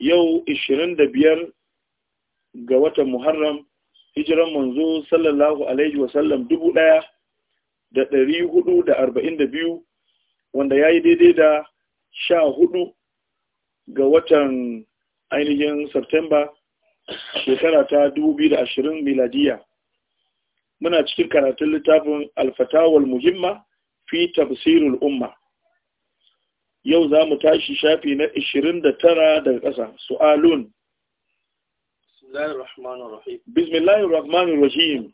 yau 25 ga watan Muharram hijiran manzo sallallahu alaihi wasallam dubu ɗaya da ɗari hudu da arba'in da biyu wanda ya yi daidai da sha hudu ga watan ainihin Septemba shekara ta dubu biyu da ashirin miladiya muna cikin karatun littafin alfatawar muhimma fi tafsirul umma yau za mu tashi shafi na 29 daga ƙasa su'alun Bismillahi rahmanir rahim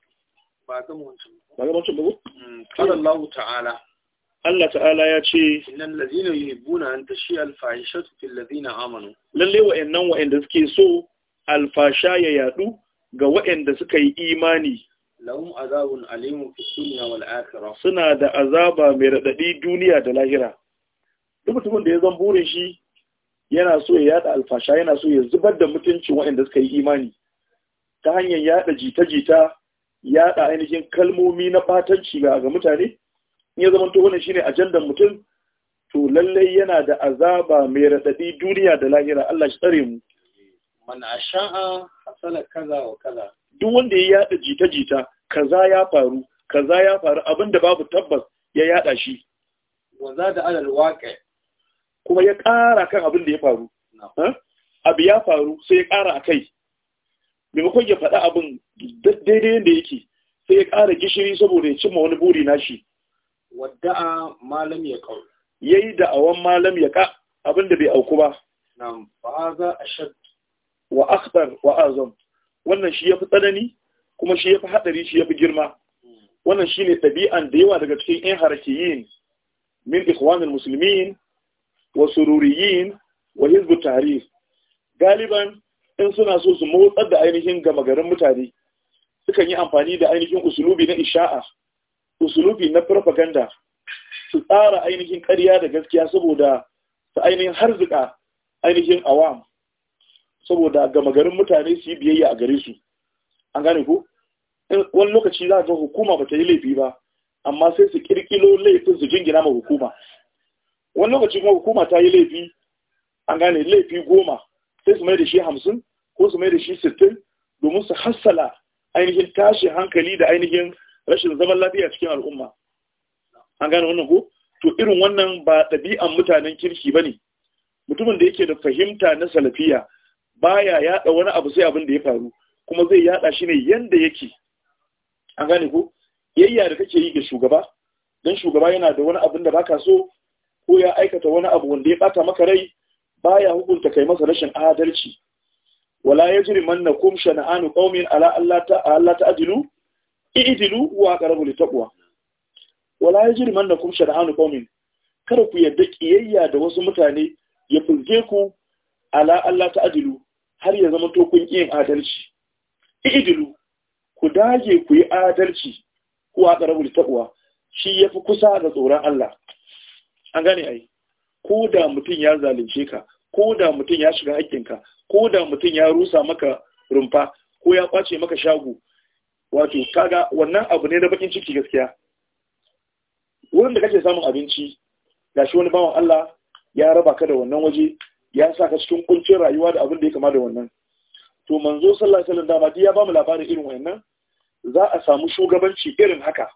ba ga mutum mm, Allah ta'ala Allah ta'ala ya ce innal yi buna an shi alfahisha su fi ladina amanu lalle wa'annan wa'anda suke so alfasha ya yadu ga wa'anda suka yi imani lahum azabun alimun fi suna wal'akira suna da azaba mai raɗaɗi duniya da lahira duk mutumin da ya zan burin shi yana so ya yada alfasha yana so ya zubar da mutuncin waɗanda suka yi imani ta hanyar yada jita-jita yada ainihin kalmomi na batanci ga ga mutane in ya zama to wannan shine ajandan mutum to lallai yana da azaba mai raɗaɗi duniya da lahira Allah shi tsare mu mana sha'a hasala kaza wa kaza duk wanda ya yada jita-jita kaza ya faru kaza ya faru abinda babu tabbas ya yada shi wa za da alal waqi kuma ya ƙara kan abin da ya faru abu ya faru sai ya ƙara a kai maimakon ya faɗa abin daidai yadda yake sai ya ƙara gishiri saboda ya cimma wani buri nashi wadda'a malam ya ƙau yayi da'awan malam ya ƙa abin da bai auku ba Na ba za ashad wa akbar wa azam wannan shi ya fi tsanani kuma shi ya fi haɗari shi ya fi girma hmm. wannan shi ne ɗabi'an da yawa daga cikin 'yan harakiyin min ikhwanul musulmi. wa sururiyin wa hizbu tarih galiban in suna so su motsar da ainihin gama garin mutane sukan yi amfani da ainihin usulubi na isha'a usulubi na propaganda su tsara ainihin ƙarya da gaskiya saboda su ainihin harzika ainihin awam saboda gama garin mutane su yi biyayya a gare su an gane ku wani lokaci za ga hukuma ba ta yi laifi ba amma sai su kirkilo laifin su jingina ma hukuma wani lokaci kuma hukuma ta yi laifi an gane laifi goma sai su mai da shi hamsin ko su mai da shi sittin domin su hassala ainihin tashi hankali da ainihin rashin zaman lafiya cikin al'umma an gane wannan ko to irin wannan ba ɗabi'an mutanen kirki ba ne mutumin da yake da fahimta na salafiya baya yaɗa wani abu sai abin da ya faru kuma zai yaɗa shi ne yanda yake an gane ko yayya da kake yi ga shugaba don shugaba yana da wani abin da baka so ko ya aikata wani abu wanda ya bata maka rai baya hukunta kai masa rashin adalci wala yajrimannakum shana'anu qaumin ala Allah ta Allah ta'dilu i'dilu wa li litaqwa wala yajrimannakum shana'anu qaumin kada ku yadda kiyayya da wasu mutane ya fulge ku ala Allah ta'dilu har ya zama to kun yin adalci i'dilu ku dage ku yi adalci ku li litaqwa shi yafi kusa da tsoron Allah an gane ai ko da mutum ya zalunce ka ko da mutum ya shiga haƙƙinka ko da mutum ya rusa maka rumfa ko ya kwace maka shago wato kaga wannan abu ne na bakin ciki gaskiya wurin da kake samun abinci gashi wani bawan Allah ya raba ka da wannan waje ya sa ka cikin kuncin rayuwa da abin da ya kama da wannan to manzo sallallahu alaihi wasallam dama ya ba mu labarin irin wannan za a samu shugabanci irin haka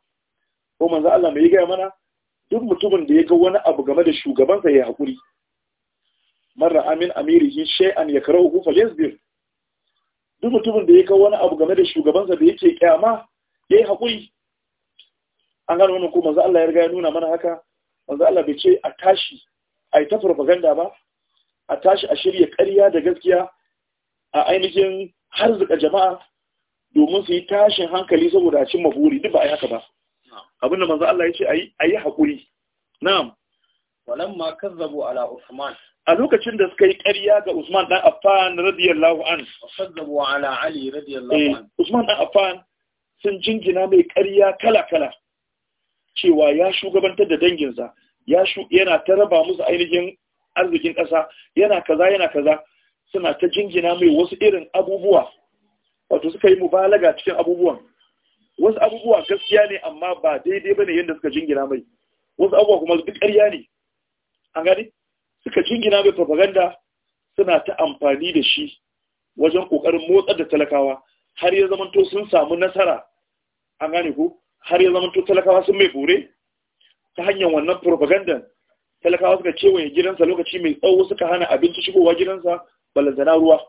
ko manzo Allah mai gaya mana duk mutumin da ya ga wani abu game da shugabansa ya haƙuri mara amin amirihi shay'an ya karau hufa lesbir duk mutumin da ya ga wani abu game da shugabansa da yake kyama ya yi haƙuri an gano wani ko za'ala ya riga ya nuna mana haka wanzu Allah bai ce a tashi a yi ta farfaganda ba a tashi a shirya ƙarya da gaskiya a ainihin harzuka jama'a domin su yi tashin hankali saboda a cimma buri duk ba a yi haka ba abin da manzo Allah ya ce ayi ayi hakuri na'am walamma kazzabu ala Usman a lokacin da suka yi ƙarya ga Usman dan Affan radiyallahu an kazzabu ala Ali radiyallahu eh, an Usman dan Affan sun jingina mai ƙarya kala kala cewa ya shugabantar da danginsa ya shu yana ta raba musu ainihin arzikin ƙasa yana kaza yana kaza suna ta jingina mai wasu irin abubuwa wato suka yi mubalaga cikin abubuwan wasu abubuwa gaskiya ne amma ba daidai bane yadda suka jingina mai wasu abubuwa kuma duk ƙarya ne an gani suka jingina mai propaganda suna ta amfani da shi wajen kokarin motsar da talakawa har ya zamanto sun samu nasara an gane ko har ya zamanto talakawa sun mai bore ta hanyar wannan propaganda talakawa suka ce waye gidansa lokaci mai tsawo suka hana abinci shigowa gidansa balantana ruwa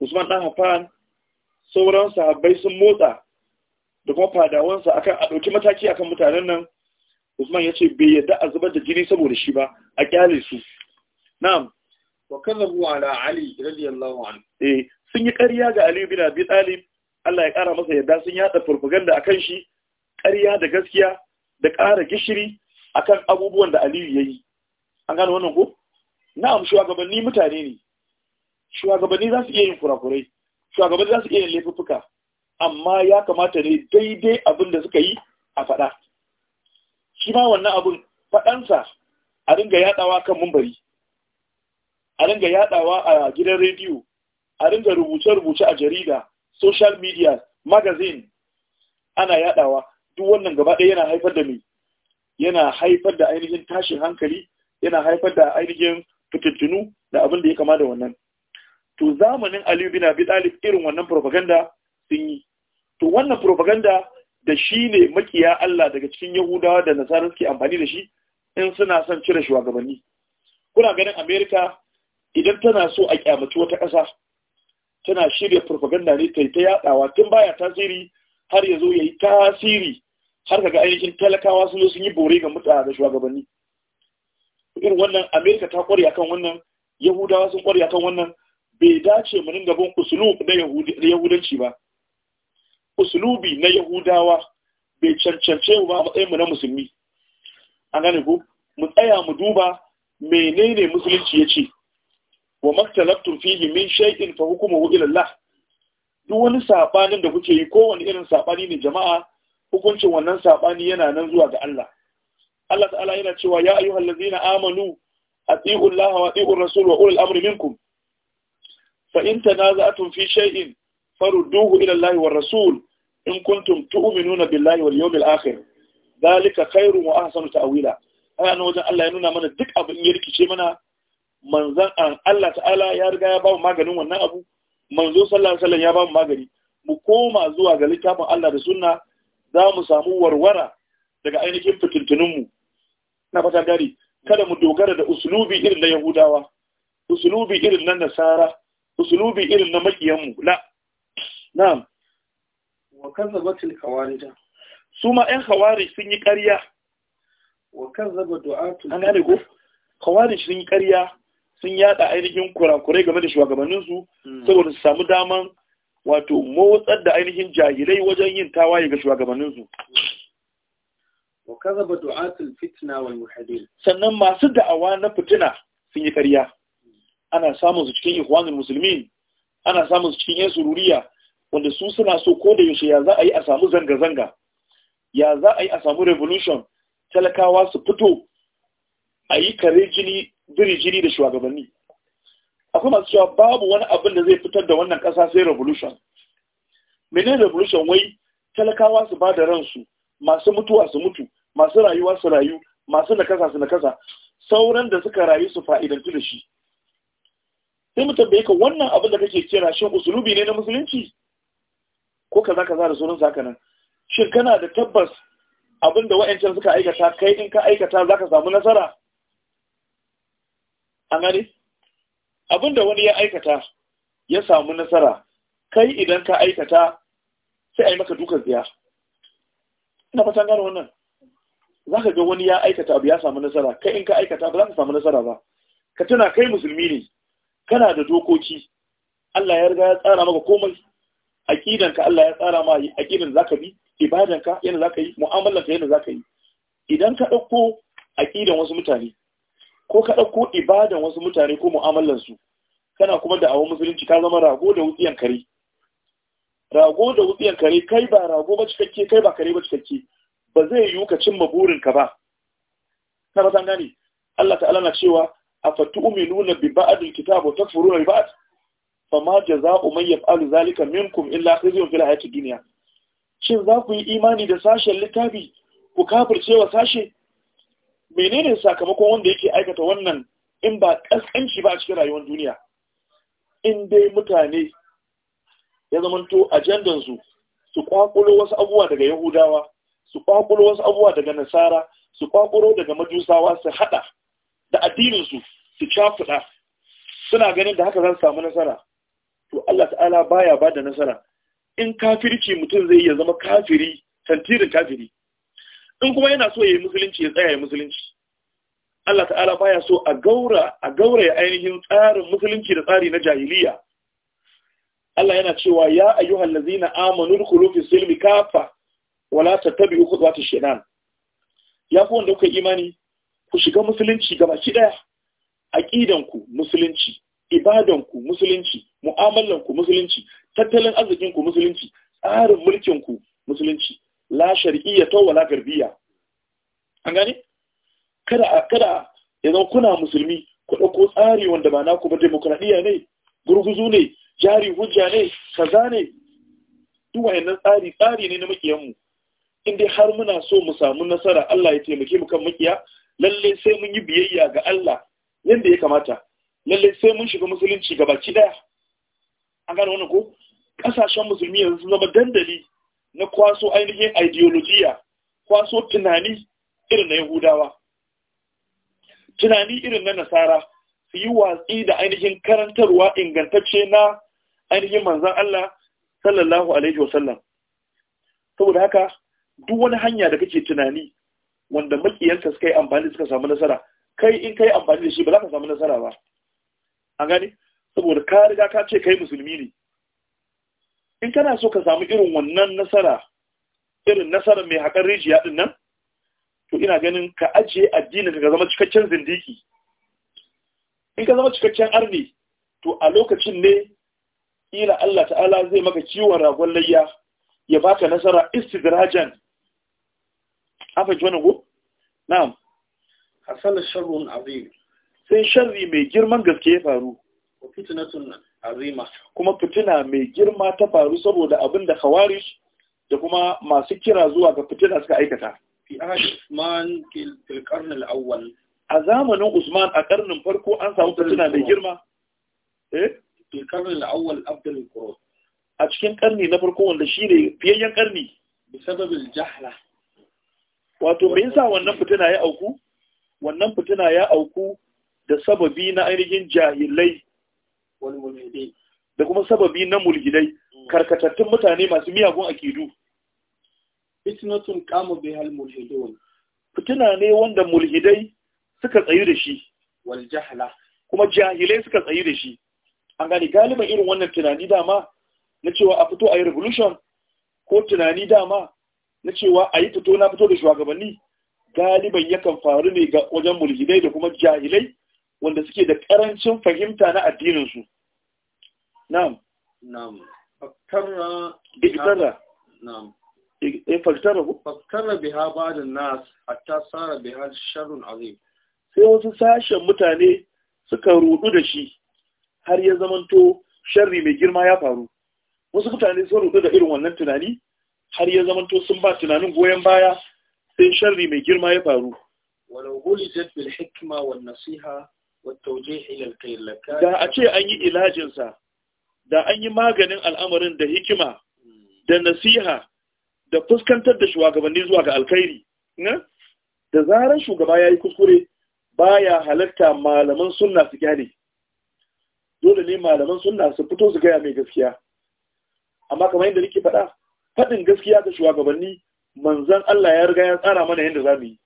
usman dan hafan sauran sahabbai sun motsa da kuma fadawansa akan a ɗauki mataki akan mutanen nan Usman ya ce bai yadda a zubar da jini saboda shi ba a kyale su na'am wa kadhabu ala ali radiyallahu anhu eh sun yi ƙarya ga ali bin abi talib Allah ya ƙara masa yadda sun yada propaganda akan shi ƙarya da gaskiya da ƙara gishiri akan abubuwan da Aliyu yayi an gane wannan ko na'am shugabanni mutane ne shugabanni za su iya yin kurakurai shugabanni za su iya yin laifuffuka amma ya kamata ne daidai abin da suka yi a faɗa shi ma wannan abin faɗansa a ringa yaɗawa kan mumbari a ringa yaɗawa a gidan rediyo a ringa rubuce-rubuce a jarida social media magazine ana yaɗawa duk wannan gaba ɗaya yana haifar da mai yana haifar da ainihin tashin hankali yana haifar da ainihin fitintunu da abin da ya kama da wannan to zamanin aliyu bin abi talib irin wannan propaganda sun yi to wannan propaganda da shi ne makiya Allah daga cikin Yahudawa da Nasara suke amfani da shi in suna son cire shugabanni kuna ganin America idan tana so a kyamaci wata ƙasa tana shirya propaganda ne ta ta yadawa tun baya tasiri har ya zo ya tasiri har kaga ainihin talakawa sun zo sun yi bore ga mutane da shugabanni irin wannan America ta ƙware akan wannan Yahudawa sun ƙware akan wannan bai dace mu dinga bin na Yahudanci ba usulubi na yahudawa bai cancance mu ba a matsayinmu na musulmi an gane ku mu tsaya mu duba menene musulunci ya ce wa maktalabtum fihi min shaikin fa hukuma wa ilallah. duk wani saɓanin da kuke yi kowane irin saɓani ne jama'a hukuncin wannan saɓani yana nan zuwa ga Allah Allah ta'ala yana cewa ya ayyuhal ladzina amanu atiiu Allah wa atiiu rasul wa ulul amri minkum fa in tanaza'tum fi shay'in farudduhu ila Allah war rasul in kuntum tu'minuna billahi wal yawmil akhir Dalika, khairun wa ahsanu ta'wila ana wajin wajen Allah ya nuna mana duk abin ya rikice mana manzan an ah, Allah ta'ala ya riga ya ba mu maganin wannan abu manzo sallallahu alaihi wasallam ya ba mu magani mu koma zuwa ga littafin Allah da sunna za mu samu warwara daga ainihin fitintunin mu na fata gari kada mu dogara da usulubi irin na yahudawa usulubi irin na nasara usulubi irin na makiyan mu la na'am wa kazzabatil khawarija su ma 'yan khawarij sun yi ƙarya wa kazzaba du'atu an gane ko khawarij sun yi ƙarya sun yada ainihin kurakurai game da shugabannin su hmm. saboda su samu daman wato motsar da ainihin jahilai wajen yin tawaye ga shugabannin su wa kazzaba du'atul fitna wal muhadil sannan masu da'awa na fitina sun yi ƙarya ana samun su cikin ikhwanul muslimin ana samun su cikin yan sururiya wanda su suna so ko da yaushe ya za a yi a samu zanga-zanga ya za a yi a samu revolution talakawa su fito a yi kare jini biri jini da shugabanni akwai masu cewa babu wani abin da zai fitar da wannan ƙasa sai revolution Menene revolution wai talakawa su ba da ransu masu mutuwa su mutu masu rayuwa su rayu masu nakasa su nakasa sauran da suka rayu su fa'idantu da shi sai mu tambaye ka wannan abin da kake kira shin usulubi ne na musulunci ko ka kaza da sunan sa nan shin kana da tabbas abinda wa'ancan suka aikata kai in ka aikata zaka samu nasara an gane abinda wani ya aikata ya samu nasara kai idan ka aikata sai a yi maka dukan ziya ina fatan gano wannan za ka ga wani ya aikata abu ya samu nasara kai in ka aikata ba za ka samu nasara ba ka tuna kai musulmi ne kana da dokoki Allah ya riga ya tsara maka komai aqidanka Allah ya tsara ma aqidan zaka bi ibadanka yana zaka yi mu'amalanka yana zaka yi idan ka dauko aqidan wasu mutane ko ka dauko ibadan wasu mutane ko mu'amalan su kana kuma da awon musulunci ka zama rago da wutsiyan kare rago da wutsiyan kare kai ba rago ba cikakke kai ba kare ba cikakke ba zai yiwu ka cimma ka ba na ba gane Allah ta'ala na cewa afatu'minuna bi ba'd alkitab wa takfuruna bi ba'd fama jaza'u man yaf'alu zalika minkum illa khizyun fil hayatid dunya shin za ku yi imani da sashen littafi ku kafirce wa sashe menene sakamakon wanda yake aikata wannan in ba kaskanci ba a cikin rayuwar duniya in dai mutane ya zamanto ajandan su su kwakulo wasu abubuwa daga yahudawa su kwakulo wasu abubuwa daga nasara su kwakulo daga majusawa su hada da addinin su su cafuda suna ganin da haka za su samu nasara to Allah ta'ala baya bada nasara in kafirci mutum zai iya zama kafiri tantirin kafiri in kuma yana so ya yi musulunci ya tsaya ya musulunci Allah ta'ala baya so a gaura a gaura ya ainihin tsarin musulunci da tsari na jahiliya Allah yana cewa ya ayyuhal ladzina amanu dkhulu fi silmi kafa wala tattabi'u khutuwati shaytan ya fi wanda kuka imani ku shiga musulunci gaba ki daya aqidan ku musulunci ibadanku musulunci mu'amalanku musulunci tattalin arzikinku musulunci tsarin mulkinku musulunci la to wala garbiya an gane kada kada idan kuna musulmi ku dauko tsari wanda ba naku ba demokradiya ne gurguzu ne jari hujja ne kaza ne duk wayannan tsari tsari ne na makiyanmu in dai har muna so mu samu nasara Allah ya taimake mu kan makiya lalle sai mun yi biyayya ga Allah yanda ya kamata Lallai sai mun shiga musulunci ga baki daya an gane wani ko kasashen musulmi yanzu zama dandali na kwaso ainihin ideologiya kwaso tunani irin na yahudawa tunani irin na nasara su yi watsi da ainihin karantarwa ingantacce na ainihin manzan Allah sallallahu alaihi wasallam saboda haka duk wani hanya da kake tunani wanda makiyanta suka yi amfani suka samu nasara kai in kai amfani da shi ba za ka samu nasara ba an gane saboda ka riga ka ce kai musulmi ne in kana so ka samu irin wannan nasara irin nasara mai haƙar rijiya din nan to ina ganin ka ajiye addinin ka zama cikakken zindiki in ka zama cikakken arni to a lokacin ne ila Allah ta'ala zai maka ciwon ragon layya ya baka nasara istidrajan afa ji go na'am hasal sharrun azim sai sharri mai girman gaske ya faru kuma fitina mai girma ta faru saboda abin da khawarij da kuma masu kira zuwa ga fitina suka aikata a zamanin Usman a karnin farko an samu fitina mai girma eh? a cikin karni na farko wanda ne fiyayyen karni wato mai yasa wannan fitina ya auku wannan fitina ya auku da sababi na ainihin jahilai da kuma sababi na mulhidai mm. karkatattun mutane masu miyagun akidu fitnatun fitina ne wanda mulhidai suka tsayu da shi kuma jahilai suka tsayu da shi an gani galiban irin wannan tunani dama na cewa a fito a yi revolution ko tunani dama na cewa a yi fito na fito da shugabanni galiban yakan faru ne ga wajen mulhidai da kuma jahilai wanda suke da ƙarancin fahimta na addininsu na'am na'am faktarra Nam. E eh, faktarra ku faktarra biha da nas tsara bi ha sharrun azim sai wasu sashen mutane suka rudu da shi har ya zamanto sharri mai girma ya faru wasu mutane sun rudu da irin wannan tunani har ya zamanto sun ba tunanin goyon baya sai sharri mai girma ya faru walau zai bil Hikima wa nasiha da a ce an yi ilajinsa da an yi maganin al'amarin da hikima da nasiha da fuskantar da shugabanni zuwa ga alkhairi da zarar shugaba ya yi kuskure baya halatta malaman sunna su gane dole ne malaman sunna su fito su gaya mai gaskiya amma kamar yadda nake faɗa faɗin gaskiya ga shugabanni manzan Allah ya riga ya tsara mana yadda za mu yi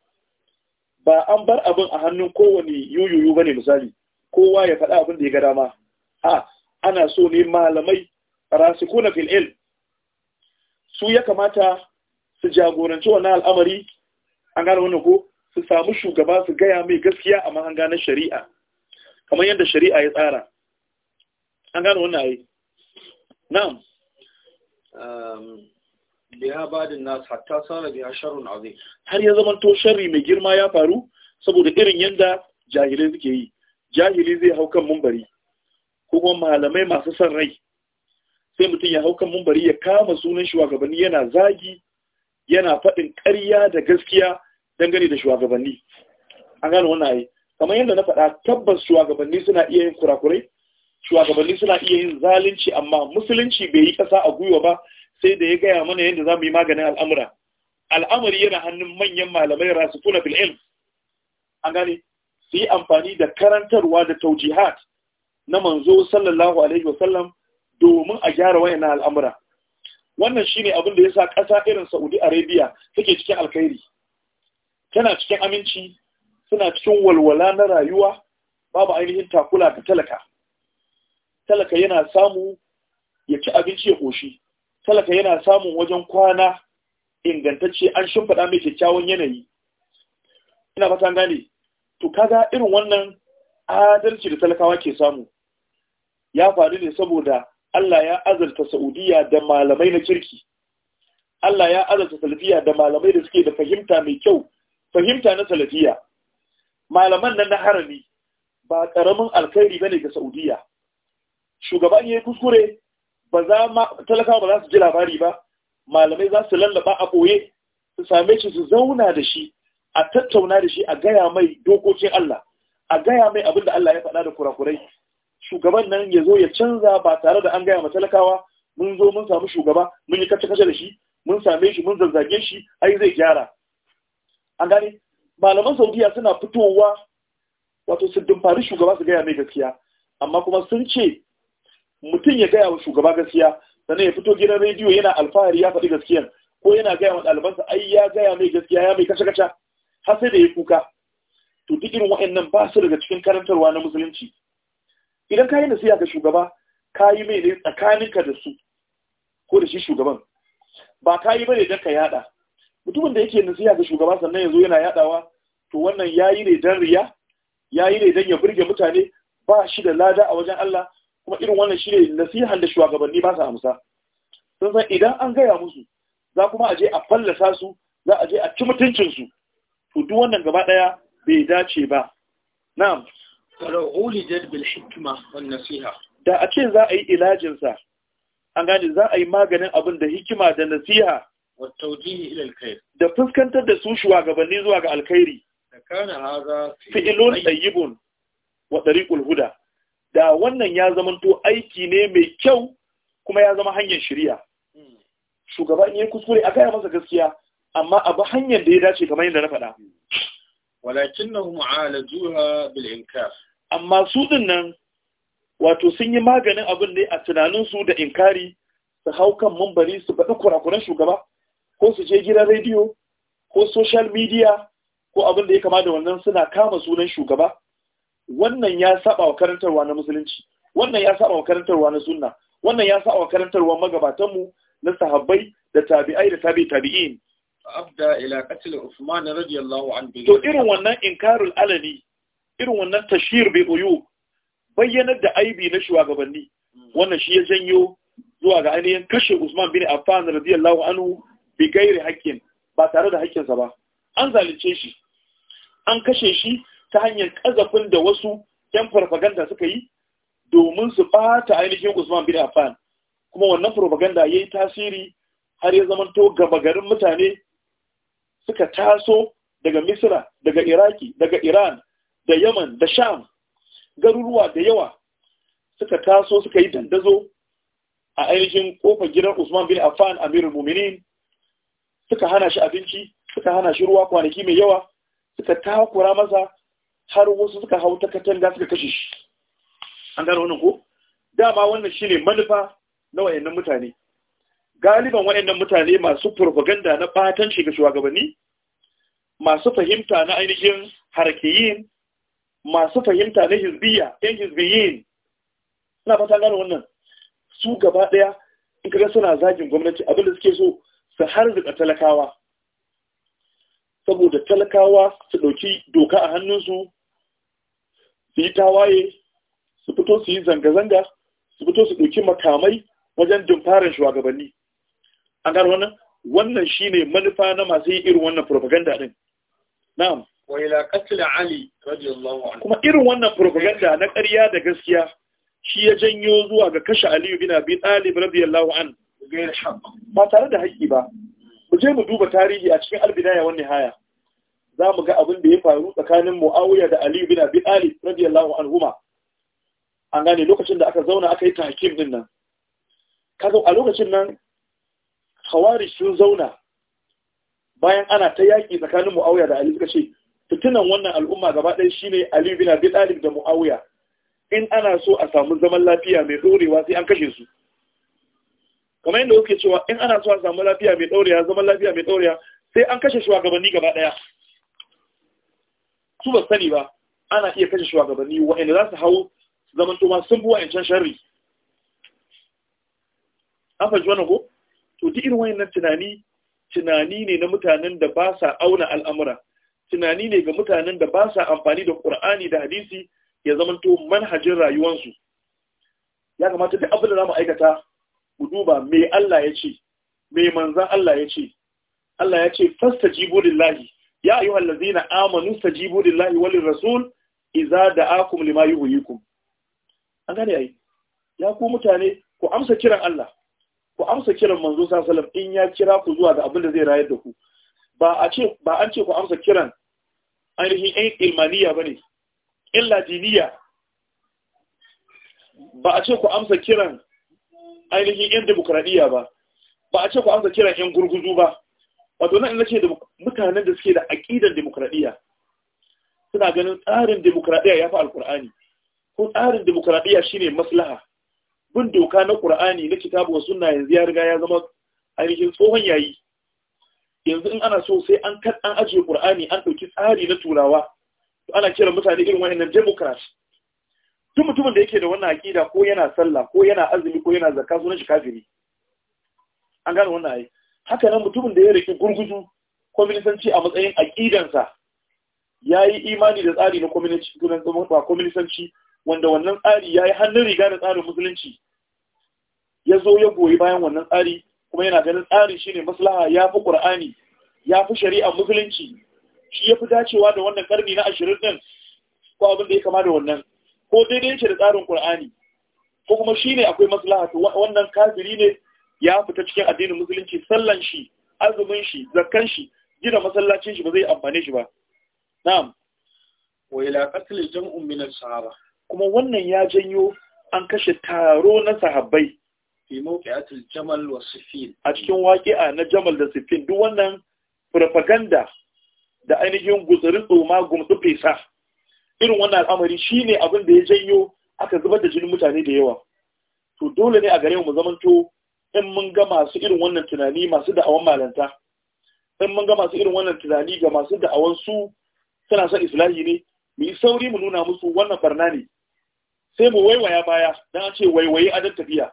ba an bar abin a hannun kowane yuyuyu ba ne misali kowa ya faɗa abin da ya ga dama a ana so ne malamai rasikuna fil il su ya kamata su jagoranci wani al'amari an gane wani ko su samu shugaba su gaya mai gaskiya a mahanga na shari'a kamar yadda shari'a ya tsara an gane na yi. na'am um, da ya hatta tsara biya a zai har ya zama to sharri mai girma ya faru saboda irin yadda jahilai suke yi jahili zai hau kan mumbari kuma malamai masu son rai sai mutum ya hau kan mumbari ya kama sunan shugabanni yana zagi yana faɗin ƙarya da gaskiya dangane da shugabanni an gano wannan ayi kamar yadda na faɗa tabbas shugabanni suna iya yin kurakurai shugabanni suna iya yin zalunci amma musulunci bai yi ƙasa a gwiwa ba sai da ya gaya mana yadda za mu yi maganin al'amura al'amari yana hannun manyan malamai rasu tuna fil ilm an gane su yi amfani da karantarwa da taujihat na manzo sallallahu alaihi wasallam domin a gyara wayannan al'amura wannan shine abin da sa ƙasa irin Saudi Arabia take cikin alkhairi tana cikin aminci suna cikin walwala na rayuwa babu ainihin takula da talaka talaka yana samu ya ci abinci ya ƙoshi talaka yana samun wajen kwana ingantacce an shimfiɗa mai kyakkyawan yanayi ina fata gane to kaga irin wannan adalci da talakawa ke samu ya faru ne saboda Allah ya azarta Saudiya da malamai na kirki Allah ya azarta salafiya da malamai da suke da fahimta mai kyau fahimta na salafiya malaman nan na harami ba ƙaramin alkhairi bane ga Saudiya shugaba ne ya kuskure ba za ma talakawa ba za su ji labari ba malamai za su lallaba a ɓoye su same shi su zauna da shi a tattauna da shi a gaya mai dokokin Allah a gaya mai abin da Allah ya faɗa da kurakurai shugaban nan ya zo ya canza ba tare da an gaya ma talakawa mun zo mun samu shugaba mun yi kace kace da shi mun same shi mun zazzage shi ai zai gyara an gane malaman saudiya suna fitowa wato su dumfari shugaba su gaya mai gaskiya amma kuma sun ce mutum ya gaya wa shugaba gaskiya sannan ya fito gidan rediyo yana alfahari ya faɗi gaskiya, ko yana gaya wa ɗalibansa ai ya gaya mai gaskiya ya mai kasha kasha har sai da ya kuka to duk irin wa'annan ba su daga cikin karantarwa na musulunci idan ka yi nasiha ga shugaba ka yi mai ne tsakaninka da su ko da shi shugaban ba ka yi bane don ka yada mutumin da yake nasiha ga shugaba sannan yanzu yana yaɗawa? to wannan ya yi ne don riya ya yi ne don ya burge mutane ba shi da lada a wajen Allah kuma irin wannan shi ne nasihan da shugabanni ba su amsa sun san idan an gaya musu za kuma a je a fallasa su za a je a ci mutuncinsu to duk wannan gaba ɗaya bai dace ba na'am ulijat bil hikma wan nasiha da a ce za a yi ilajin sa an gane za a yi maganin abin da hikima da nasiha wa tawjihi ila alkhair da fuskantar da su shugabanni zuwa ga alkhairi kana hadha fi'lun tayyibun wa tariqul huda da wannan ya zamanto aiki ne mai kyau kuma ya zama hanyar shirya hmm. shugaba in kuskure a kaya masa gaskiya amma abu hanyar da ya dace kamar yadda na faɗa hmm. walakinnahum alajuha bil inkar amma su dinnan wato sun yi maganin abin ne a tunanin su da inkari su hau kan mambari su faɗi kurakuran shugaba ko su je gidan rediyo ko social media ko abin da ya kama da wannan suna kama sunan shugaba wannan ya saba wa karantarwa na musulunci wannan ya saba wa karantarwa na sunna wannan ya saba wa karantarwa magabatanmu na sahabbai da tabi'ai da tabi'i tabi'in abda ila qatl Usman radiyallahu anhu to irin wannan inkarul alani irin wannan tashhir bi uyu bayyanar da aibi na shugabanni hmm. wannan shi ya janyo zuwa ga ainihin kashe Usman bin Affan radiyallahu anhu bi gairi haƙƙin ba tare da haƙƙinsa ba an zalunce shi an kashe shi ta hanyar ƙazafin da wasu ƴan farfaganda suka yi domin su ɓata ainihin Usman bin Affan kuma wannan farfaganda ya yi tasiri har ya zamanto gaba garin mutane suka taso daga Misra daga Iraki daga Iran da Yaman da Sham garuruwa da yawa suka taso suka yi dandazo a ainihin kofar gidan Usman bin Affan Amirul Muminin suka hana shi abinci suka hana shi ruwa kwanaki mai yawa suka takura masa har wasu suka hau ta katanga suka kashe shi an gano wannan ko dama wannan shine manufa na wayannan mutane galiban wayannan mutane masu propaganda na batanci ga shugabanni masu fahimta na ainihin harkiyin masu fahimta na hizbiya yan hizbiyin suna fata gano wannan su gaba ɗaya in ga suna zagin gwamnati abin da suke so su harzuka talakawa saboda talakawa su ɗauki doka a hannunsu su yi tawaye su fito su yi zanga-zanga su fito su ɗauki makamai wajen dumfarin shugabanni an gano wannan wannan shine manufa na masu yi irin wannan propaganda din na'am ali radiyallahu anhu kuma irin wannan propaganda na ƙarya da gaskiya shi ya janyo zuwa ga kashe ali bin abi talib radiyallahu anhu ba tare da haƙƙi ba mu je mu duba tarihi a cikin albidaya wannan haya za mu ga abin da ya faru tsakanin Muawiya da Ali bin Abi ali radiyallahu anhuma an gane lokacin da aka zauna aka yi tahkim din nan kaga a lokacin nan Khawarij sun zauna bayan ana ta yaki tsakanin Muawiya da Ali suka ce fitinan wannan al'umma gaba ɗaya shine Ali bin Abi ali da Muawiya in ana so a samu zaman lafiya mai dorewa sai an kashe su kamar yadda kuke cewa in ana so a samu lafiya mai dorewa zaman lafiya mai dorewa sai an kashe shugabanni gaba ɗaya su ba sani ba ana iya kashe shugabanni waɗanda za su hau zaman to sun buwa can sharri an fahimci wani ko to duk irin wayannan tunani tunani ne na mutanen da ba sa auna al'amura tunani ne ga mutanen da ba sa amfani da ƙur'ani da hadisi ya zaman to manhajin rayuwarsu ya kamata duk abin da za mu aikata mu duba me Allah ya ce me manzan Allah ya ce Allah ya ce jibo lillahi ya ayyuha allazina amanu Sajibu lillahi wal rasul idza da'akum lima yuhyikum an gane yi. ya ku mutane ku amsa kiran Allah ku amsa kiran manzo sallallahu alaihi wasallam in ya kira ku zuwa ga abin da zai rayar da ku ba a ce ba an ce ku amsa kiran ainihin 'yan ilmaniya ba ne illa diniya ba a ce ku amsa kiran ainihin 'yan demokradiyya ba ba a ce ku amsa kiran 'yan gurguzu ba wato nan ina ce da mutanen da suke da aƙidar demokradiyya suna ganin tsarin demokradiyya ya fi alkur'ani ko tsarin demokradiyya shine maslaha bin doka na qur'ani na kitabu wa sunna yanzu ya riga ya zama ainihin tsohon yayi yanzu in ana so sai an kan an ajiye qur'ani an dauki tsari na turawa to ana kiran mutane irin wayannan democrat duk mutumin da yake da wannan aqida ko yana sallah ko yana azumi ko yana zakka sunan shi kafiri an gane wannan ayi haka nan mutumin da ya riki gurguzu kwaminisanci a matsayin aƙidansa ya yi imani da tsari na kwaminisanci wanda wannan tsari ya yi hannun riga da tsarin musulunci ya zo ya goyi bayan wannan tsari kuma yana ganin tsari ne maslaha ya fi ƙur'ani ya fi shari'ar musulunci shi ya fi dacewa da wannan karni na ashirin ɗin ko abin da ya kama da wannan ko daidai ce da tsarin ƙur'ani ko kuma shi ne akwai maslaha to wannan kafiri ne ya fita cikin addinin musulunci sallan shi azumin shi zakkan shi gina masallacin shi ba zai amfane shi ba na'am wa ila qatl jam'un min as kuma wannan ya janyo an kashe taro na sahabbai fi mawqi'atil jamal wa sifin a cikin waqi'a na jamal da sifin duk wannan propaganda da ainihin gutsuri tsoma gumtsu fesa irin wannan al'amari shine abin da ya janyo aka zubar da jinin mutane da yawa to dole ne a gare mu zamanto in mun ga masu irin wannan tunani masu da'awan malanta in mun ga masu irin wannan tunani ga masu da'awan su suna son islahi ne mu yi sauri mu nuna musu wannan barna ne sai mu waiwaya baya dan a ce waiwaye adon tafiya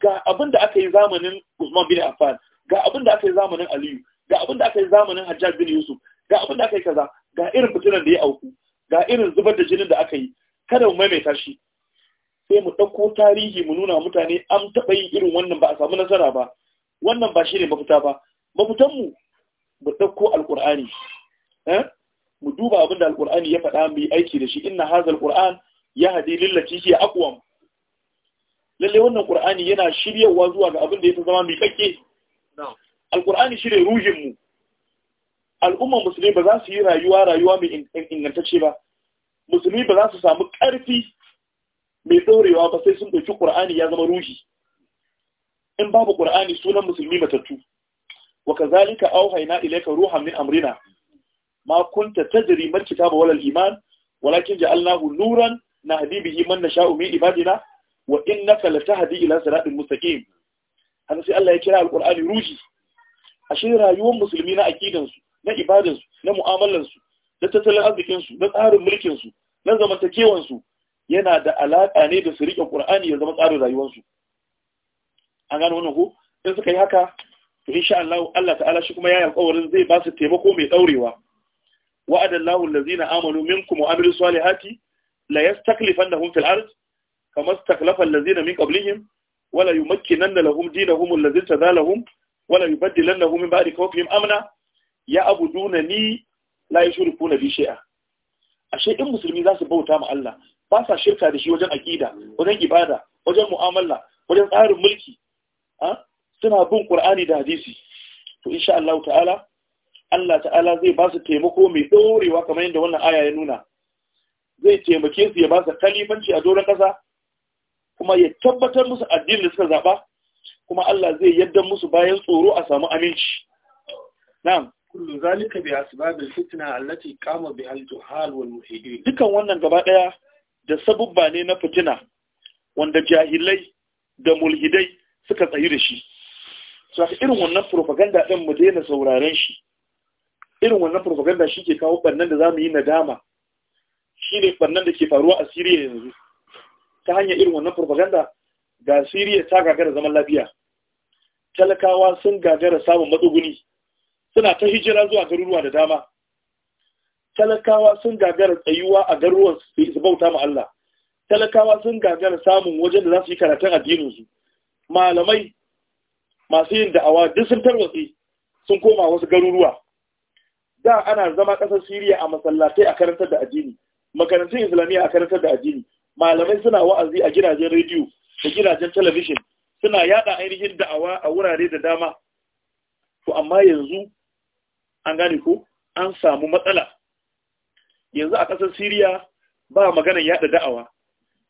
ga abin da aka yi zamanin Usman bin Affan ga abin da aka yi zamanin Aliyu ga abin da aka yi zamanin Hajjaj bin Yusuf ga abin da aka yi kaza ga irin fitinan da ya auku ga irin zubar da jinin da aka yi kada mu maimaita shi sai mu ɗauko tarihi mu nuna mutane an taɓa yin irin wannan ba a samu nasara ba wannan ba shi ne mafita ba mafitanmu mu ɗauko alƙur'ani eh? mu duba abin da alƙur'ani ya faɗa mu aiki da shi inna hazal qur'an ya hadi lillati hiya aqwam lalle wannan qur'ani yana shiryawa zuwa ga abin da ya fi zama mai kakke alƙur'ani shi ne ruhin mu al'ummar musulmi ba za su yi rayuwa rayuwa mai ingantacce ba musulmi ba za su samu ƙarfi mai ɗorewa ba sai sun ɗauki ƙur'ani ya zama ruhi in babu ƙur'ani sunan musulmi matattu wa kazalika auhayna ilayka ruhan min amrina ma kunta tajri mal kitaba wal iman walakin ja'alnahu nuran nahdi bihi man nasha'u min ibadina wa innaka latahdi ila siratin mustaqim haka sai Allah ya kira alqur'ani ruhi ashe rayuwar musulmi na aqidan su na ibadan su na mu'amalan su na tattalin arzikin su na tsarin mulkin su na zamantakewan su yana da alaƙa ne da su riƙe ƙur'ani ya zama tsarin rayuwarsu an gano wannan ko in suka yi haka to insha Allah Allah ta'ala shi kuma ya alƙawarin zai ba su taimako mai daurewa wa'ada Allahu allazina amanu minkum wa amilus salihati la yastaklifannahum fil ard kama istaklafa allazina min qablihim wa la yumakkinanna lahum dinahum allazi tadalahum wa la yubaddilannahum min ba'di khawfihim amna ni la yushrikuna bi shay'a ashe in musulmi za su bauta ma Allah ba sa shirka da shi wajen aƙida wajen ibada wajen mu'amala wajen tsarin mulki suna bin ƙur'ani da hadisi to insha Allah ta'ala Allah ta'ala zai ba su taimako mai dorewa kamar yadda wannan aya ya nuna zai taimake su ya ba su kalifanci a doron ƙasa kuma ya tabbatar musu addinin da suka zaɓa kuma Allah zai yadda musu bayan tsoro a samu aminci na'am kullu zalika bi asbabil fitna allati qama bi al-juhal wal muhidin dukan wannan gaba daya da sabubba ne na fitina wanda jahilai da mulhidai suka tsayi da shi haka irin wannan propaganda ɗin mu daina sauraren shi irin wannan propaganda shi ke kawo ɓannan da za mu yi nadama shi ne ɓannan da ke faruwa a siriya yanzu ta hanyar irin wannan propaganda ga siriya ta gagara zaman lafiya talakawa sun gagara samun matsuguni suna ta hijira zuwa garuruwa da dama talakawa sun gagara tsayuwa a garuruwan su bauta ma Allah talakawa sun gagara samun wajen da za su yi karatun addininsu malamai masu yin da'awa duk sun tarwatsi sun koma wasu garuruwa da ana zama ƙasar Siriya a masallatai a karantar da addini makarantun islamiyya a karantar da addini malamai suna wa'azi a gidajen rediyo da gidajen talabijin, suna yada ainihin da'awa a wurare da dama to amma yanzu an gane ko an samu matsala yanzu a ƙasar Siriya ba magana yaɗa da'awa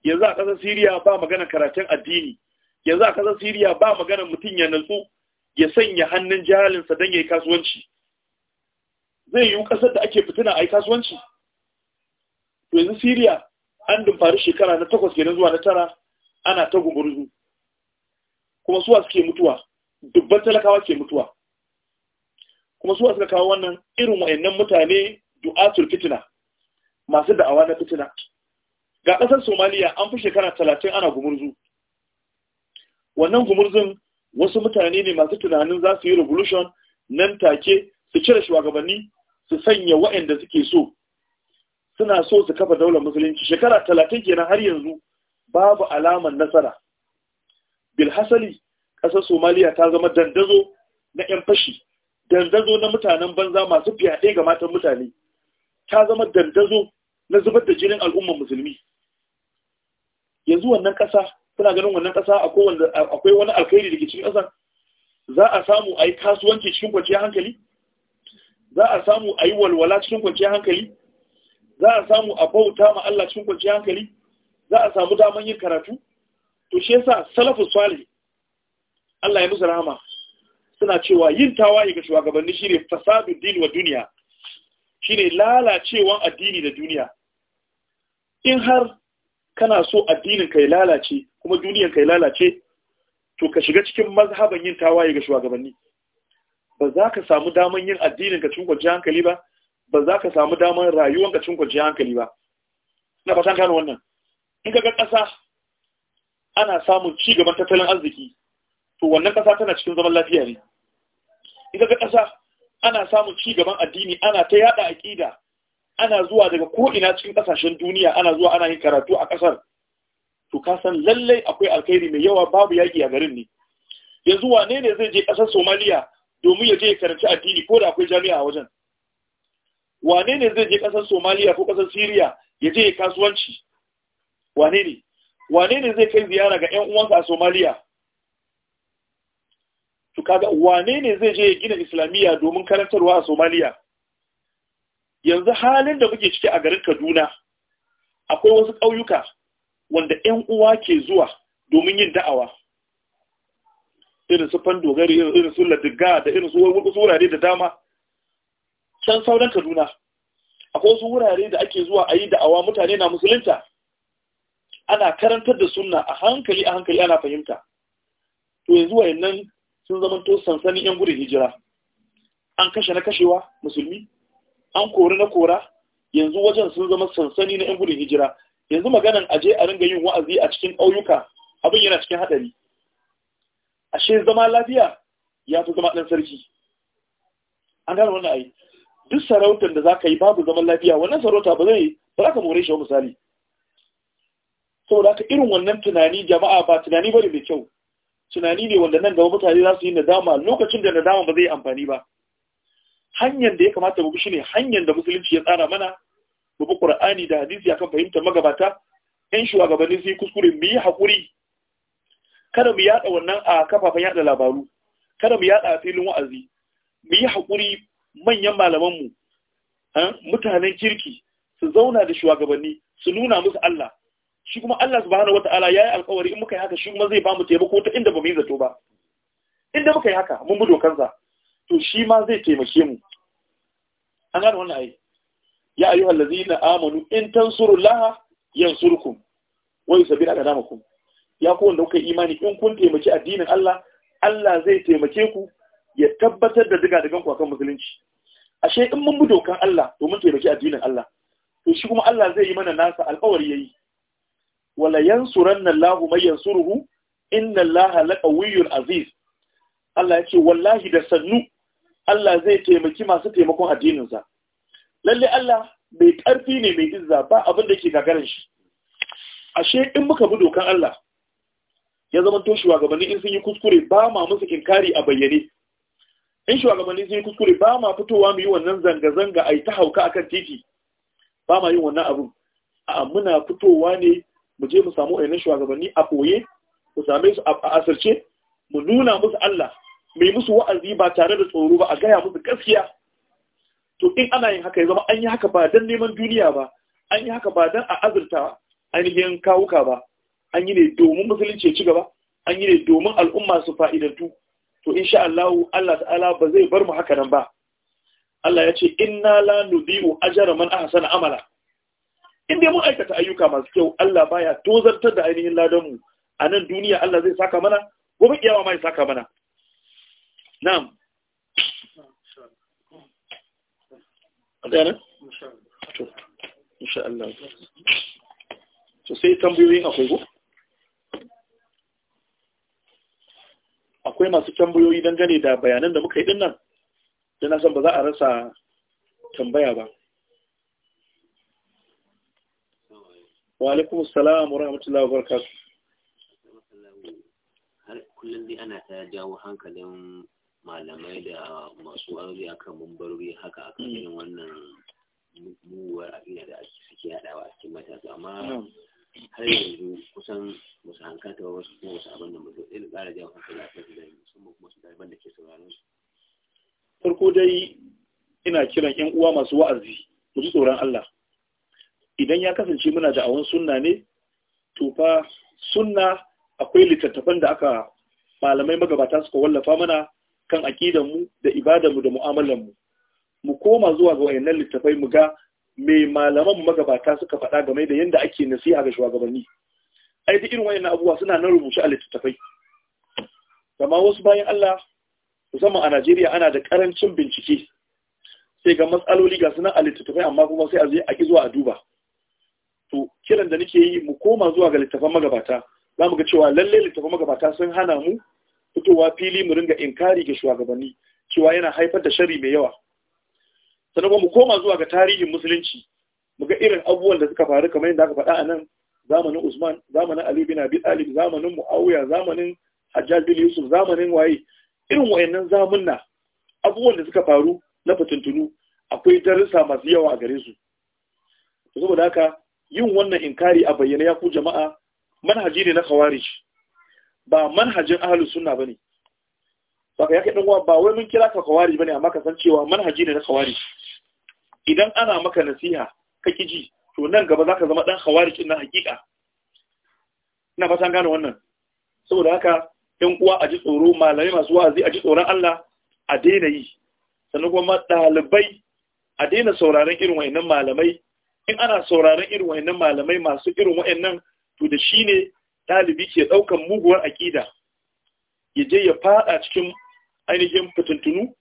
yanzu a ƙasar Siriya ba maganar karatun addini yanzu a ƙasar Siriya ba maganar mutum ya natsu ya sanya hannun jahalinsa don ya yi kasuwanci zai yi ƙasar da ake fitina a yi kasuwanci to yanzu Siriya an dumfari shekara na takwas kenan zuwa na tara ana ta gumurzu kuma suwa suke mutuwa dubban talakawa ke mutuwa kuma suwa suka kawo wannan irin wa'annan mutane du'atul fitina masu da'awa na fitina ga ƙasar somaliya an fi shekara talatin ana gumurzu wannan gumurzun wasu mutane ne masu tunanin za su yi revolution nan take su cire shugabanni su sanya wa'anda suke so suna so su kafa daular musulunci shekara talatin kenan har yanzu babu alamar nasara bilhasali ƙasar somaliya ta zama dandazo na 'yan fashi dandazo na mutanen banza masu fyaɗe ga matan mutane ta zama dandazo na zubar da jinin al'umman musulmi yanzu wannan ƙasa suna ganin wannan ƙasa akwai wani alkhairi da ke cikin ƙasar za a samu a yi kasuwanci cikin kwanciyar hankali za a samu a yi walwala cikin kwanciyar hankali za a samu a bauta ma Allah cikin kwanciyar hankali za a samu daman yin karatu to shi yasa salafus salih Allah ya musu rahama suna cewa yin tawaye ga shugabanni shine fasadu din wa duniya shine lalacewan addini da duniya in har kana so addinin ka ya lalace kuma duniyar ka ya lalace to ka shiga cikin mazhaban yin tawaye ga shugabanni ba za ka samu daman yin addinin ka cikin kwanciyar hankali ba ba za ka samu daman rayuwar ka cikin kwanciyar hankali ba ina fatan kana wannan in ka ga ƙasa ana samun ci gaban tattalin arziki to wannan ƙasa tana cikin zaman lafiya ne in ka ga ƙasa ana samun ci gaban addini ana ta yada aqida ana zuwa daga ko'ina cikin ƙasashen duniya ana zuwa ana yin karatu a ƙasar to ka san lallai akwai alkhairi mai yawa babu yaƙi a garin ne yanzu wane ne zai je ƙasar somaliya domin ya je ya karanci addini ko da akwai jami'a a wajen wane ne zai je ƙasar somaliya ko ƙasar siriya ya je ya kasuwanci wane ne wane ne zai kai ziyara ga 'yan uwansa a somaliya to kaga wane ne zai je ya gina islamiyya domin karantarwa a somaliya yanzu halin da muke ciki a garin Kaduna akwai wasu ƙauyuka wanda 'yan uwa ke zuwa domin yin da'awa irin su Fandogari irin su Ladiga da irin su wurare da dama can sauran Kaduna akwai wasu wurare da ake zuwa a yi da'awa mutane na musulunta ana karantar da sunna a hankali a hankali ana fahimta to yanzu wayannan sun zamanto sansanin yan gudun hijira an kashe na kashewa musulmi an kori na kora yanzu wajen sun zama sansani na 'yan gudun hijira yanzu maganan aje a ringa yin wa'azi a cikin ƙauyuka abin yana cikin haɗari ashe zama lafiya ya fi zama ɗan sarki an gano wannan ai duk sarautar da za ka yi babu zaman lafiya wannan sarauta ba zai ba za ka more shi misali saboda ka irin wannan tunani jama'a ba tunani bane mai kyau tunani ne wanda nan gaba mutane za su yi nadama lokacin da nadama ba zai yi amfani ba hanyar da ya kamata mu bi shine hanyar da musulunci ya tsara mana mu bi Qur'ani da hadisi akan fahimtar magabata in shugabanni sai kuskure mu yi hakuri kada mu yada wannan a kafafen yada labaru kada mu yada filin wa'azi mu yi hakuri manyan malaman mu eh, mutanen kirki su zauna da shugabanni su nuna musu Allah shi kuma Allah subhanahu wataala yayi alƙawari in muka yi haka shi kuma zai ba mu taimako ta inda ba mu yi zato ba inda muka yi haka mun bi sa to shi ma zai taimake mu an gane wannan ayi ya ayu allazina amanu in laha yansurkum wa yusabbir aqdamakum ya ku wanda kuka imani in kun taimaki addinin Allah Allah zai taimake ku ya tabbatar da diga digan ku akan musulunci ashe in mun bi dokan Allah to mun taimaki addinin Allah to shi kuma Allah zai yi mana nasa alƙawari yayi wala yansuranna Allahu may yansuruhu inna Allaha laqawiyyun aziz Allah ya ce wallahi da sannu Allah zai taimaki masu taimakon addininsa lalle Allah mai ƙarfi ne mai izza ba abin da ke gagarin shi ashe in muka bi dokan Allah ya zama to shugabanni in sun yi kuskure ba ma musu inkari a bayyane in shugabanni sun yi kuskure ba ma fitowa mu yi wannan zanga-zanga a yi ta hauka akan titi ba ma yin wannan abun. a muna fitowa ne mu je mu samu ainihin shugabanni a ɓoye mu same su a asirce mu nuna musu Allah mai musu wa'azi ba tare da tsoro ba a gaya musu gaskiya to in ana yin haka ya zama an yi haka ba don neman duniya ba an yi haka ba don a azurta ainihin kawuka ba an yi ne domin musulunci ya ci gaba an yi ne domin al'umma su fa'idantu to insha Allah Allah ta'ala ba zai bar mu haka nan ba Allah ya ce inna la nudhi'u ajra man ahsana amala in dai mun aikata ayyuka masu kyau Allah baya tozartar da ainihin ladan mu a nan duniya Allah zai saka mana gobe iyawa ma ya saka mana نعم gane? to insha Allah to sai tambayoyin akwai ko? akwai masu tambayoyi dangane da bayanan da muka yi dinnan da na san ba za a rasa tambaya ba wa alaikum assalam wa rahmatullahi wa barakatuh har kullum dai ana ta jawo hankalin malamai da masu aure akan mumbarori haka akan mm. irin wannan muguwar aƙida da suke yaɗawa a cikin matasa amma mm. har yanzu kusan musu hankalta ba wasu kuma wasu abin da mutum ɗin ƙara jawo hankali a kan su da musamman kuma su ɗaliban da ke sauraron su. farko dai ina kiran ƴan uwa masu wa'azi ku ji tsoron Allah idan ya kasance muna da awon sunna ne to fa sunna akwai littattafan da aka malamai magabata suka wallafa mana kan mu da mu da mu'amalanmu mu koma zuwa ga wayannan littafai mu ga me malaman magabata suka faɗa game da yanda ake nasiha ga shugabanni ai duk irin wayannan abubuwa suna nan rubuce a littattafai amma wasu bayan Allah musamman a Najeriya ana da karancin bincike sai ga matsaloli ga suna a littattafai amma kuma sai a je a zuwa a duba to kiran da nake yi mu koma zuwa ga littafan magabata za mu ga cewa lallai littafan magabata sun hana mu fitowa fili mu ringa inkari ga shugabanni cewa yana haifar da shari mai yawa sannan mu koma zuwa ga tarihin musulunci mu ga irin abubuwan da suka faru kamar yadda aka faɗa a nan zamanin Usman zamanin Ali bin Abi Talib zamanin Muawiya zamanin Hajjaj bin Yusuf zamanin waye irin wayannan zamunna abubuwan da suka faru na fitintunu akwai darussa masu yawa a gare su saboda haka yin wannan inkari a bayyana ya ku jama'a manhaji ne na khawarij ba manhajin ahlus sunna bane saka yake dan uwa ba wai mun kira ka kawari bane amma ka san cewa manhaji ne na kawari idan ana maka nasiha ka kiji to nan gaba zaka zama dan kawari kin na hakika ina fatan gane wannan saboda haka yan uwa a ji tsoro malamai masu wa'azi a ji tsoron Allah a daina yi sannan kuma ɗalibai a daina sauraron irin wayannan malamai in ana sauraron irin wayannan malamai masu irin wayannan to da shine ɗalibi ke ɗaukan muguwar aƙida ya je ya faɗa cikin ainihin fitintunu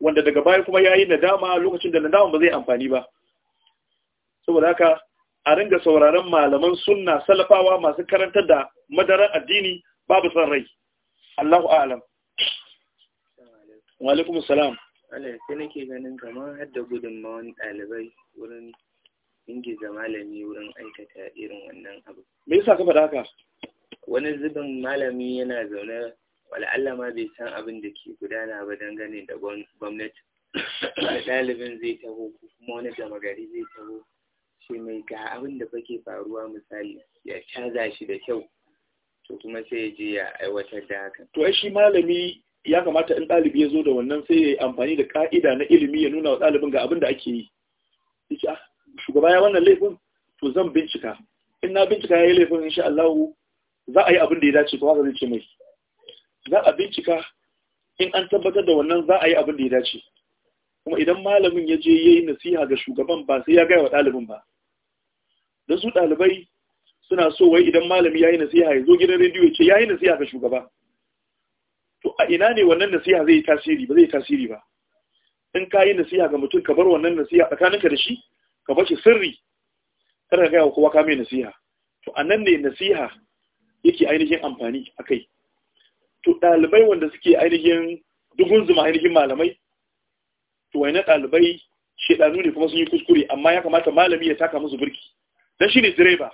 wanda daga baya kuma ya yi nadama lokacin da nadama ba zai amfani ba saboda haka a ringa sauraron malaman sunna salafawa masu karantar da madarar addini babu san rai Allahu a'lam wa alaikum salam ganin kamar hadda gudunmawan ɗalibai wurin ingiza malami wurin aikata irin wannan abu. Me yasa ka faɗa haka? Wani zubin malami yana zaune wala'alla ma bai san abin da ke gudana ba dangane da gwamnati. Wani ɗalibin zai taho ko kuma wani gama gari zai taho ce mai ga abin da fake faruwa misali ya caza shi da kyau to kuma sai ya je ya aiwatar da haka. To ai shi malami ya kamata in ɗalibi ya zo da wannan sai ya yi amfani da ka'ida na ilimi ya nuna wa ɗalibin ga abin da ake yi. Ah, shugaba ya wannan laifin to zan bincika in na bincika ya yi laifin insha Allah za a yi abin da ya dace kuma zan zai ce mai za a bincika in an tabbatar da wannan za a yi abin da ya dace kuma idan malamin ya je yayi nasiha ga shugaban ba sai ya gaya wa ɗalibin ba dan su ɗalibai suna so wai idan malami yayi yi nasiha ya zo gidan rediyo ya ce ya yi nasiha ga shugaba to a ina ne wannan nasiha zai yi tasiri ba zai yi tasiri ba in ka yi nasiha ga mutum ka bar wannan nasiha tsakaninka da shi ka shi sirri kada ka gaya kowa ka mai nasiha to anan ne nasiha yake ainihin amfani a kai to ɗalibai wanda suke ainihin dugun zuma ainihin malamai to wani ɗalibai shaidanu ne kuma sun yi kuskure amma ya kamata malami ya taka musu birki Dan shi ne direba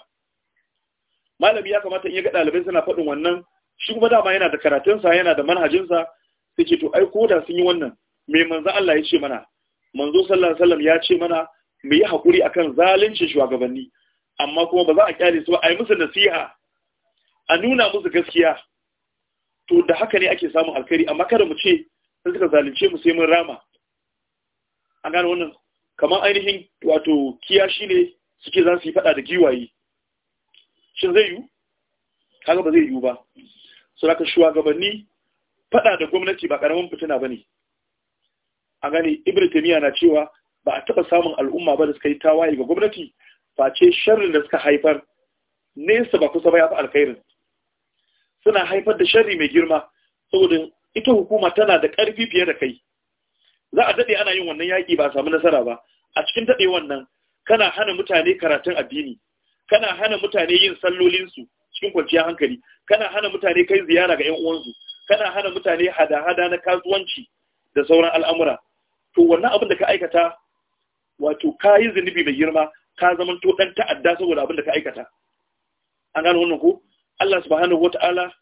malami ya kamata in ya ga ɗalibai suna faɗin wannan shi kuma dama yana da karatunsa yana da manhajinsa sai ce to ai ko da sun yi wannan me manzo Allah ya ce mana manzo sallallahu alaihi wasallam ya ce mana Mai yi hakuri akan zalincin shugabanni amma kuma ba za a kyale su ba a yi musu nasiha a nuna musu gaskiya to da haka ne ake samun alkari amma kada mu ce sun suka zalunce mu sai mun rama an gane wannan kamar ainihin wato kiya shi ne suke za su yi faɗa da giwaye shin zai yiwu kaga ba zai yiwu ba su raka shugabanni faɗa da gwamnati ba ƙaramin fitina ba ne a gane Ibrahim na cewa ba a taɓa samun al'umma ba da suka yi tawaye ga gwamnati ce sharrin da suka haifar nesa ba kusa ba ya fi alkhairin suna haifar da sharri mai girma saboda ita hukuma tana da ƙarfi fiye da kai za a daɗe ana yin wannan yaƙi ba a samu nasara ba a cikin daɗe wannan kana hana mutane karatun addini kana hana mutane yin sallolinsu cikin kwanciyar hankali kana hana mutane kai ziyara ga 'yan uwansu kana hana mutane hada-hada na kasuwanci da sauran al'amura to wannan abin da ka aikata wato ka yi zunubi mai girma ka zama to dan ta'adda saboda abin da ka aikata an gano wannan ko Allah subhanahu wataala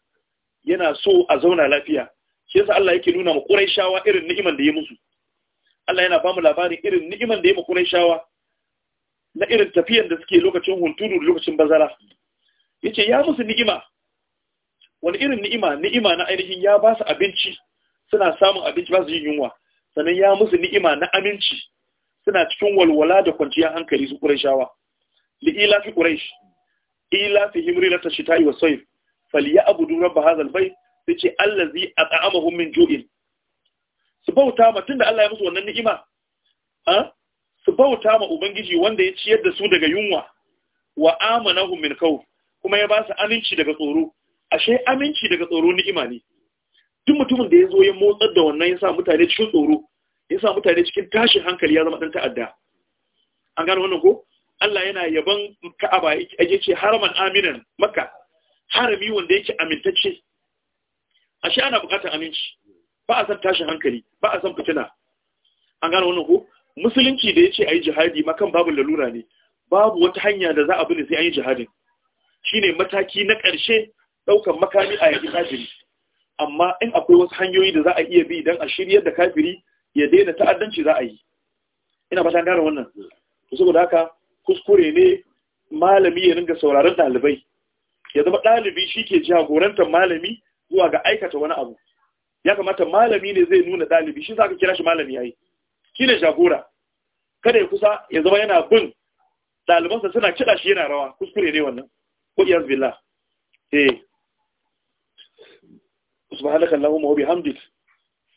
yana so a zauna lafiya shi yasa Allah yake nuna mu Qurayshawa irin ni'iman da ya musu Allah yana ba mu labarin irin ni'iman da ya mu Qurayshawa na irin tafiyan da suke lokacin hunturu da lokacin bazara yace ya musu ni'ima wani irin ni'ima ni'ima na ainihin ya ba su abinci suna samun abinci ba su yin yunwa sannan ya musu ni'ima na aminci suna cikin walwala da kwanciyar hankali su shawa. li ila fi Quraysh ila fi himri ta yi wa hazal bai sai ce allah zai a at'amahum min ju'in su bauta ma tun da Allah ya musu wannan ni'ima su bauta ma ubangiji wanda ya ciyar da su daga yunwa wa amana min kau kuma ya ba su aminci daga tsoro ashe aminci daga tsoro ni'ima ne duk mutumin da ya zo ya motsar da wannan ya sa mutane cikin tsoro yasa mutane cikin tashin hankali ya zama dan ta'adda an gano wannan ko Allah yana yaban Ka'aba yake ce haraman aminan Makka harami wanda yake amintacce ashe ana bukatar aminci ba a san tashin hankali ba a san fitina an gano wannan ko musulunci da yace yi jihadi makan babu lalura ne babu wata hanya da za a bi sai an yi jihadin shine mataki na ƙarshe daukan makami a yaki kafiri amma in akwai wasu hanyoyi da za a iya bi don a shiryar da kafiri ya daina ta'addanci za a yi ina fata gane wannan to saboda haka kuskure ne malami ya ringa sauraron ɗalibai ya zama ɗalibi shi ke jagorantar malami zuwa ga aikata wani abu ya kamata malami ne zai nuna ɗalibi shi za ka kira shi malami ya yi shi jagora kada ya kusa ya zama yana bin ɗalibansa suna kiɗa shi yana rawa kuskure ne wannan ko billah eh subhanaka allahumma wa bihamdika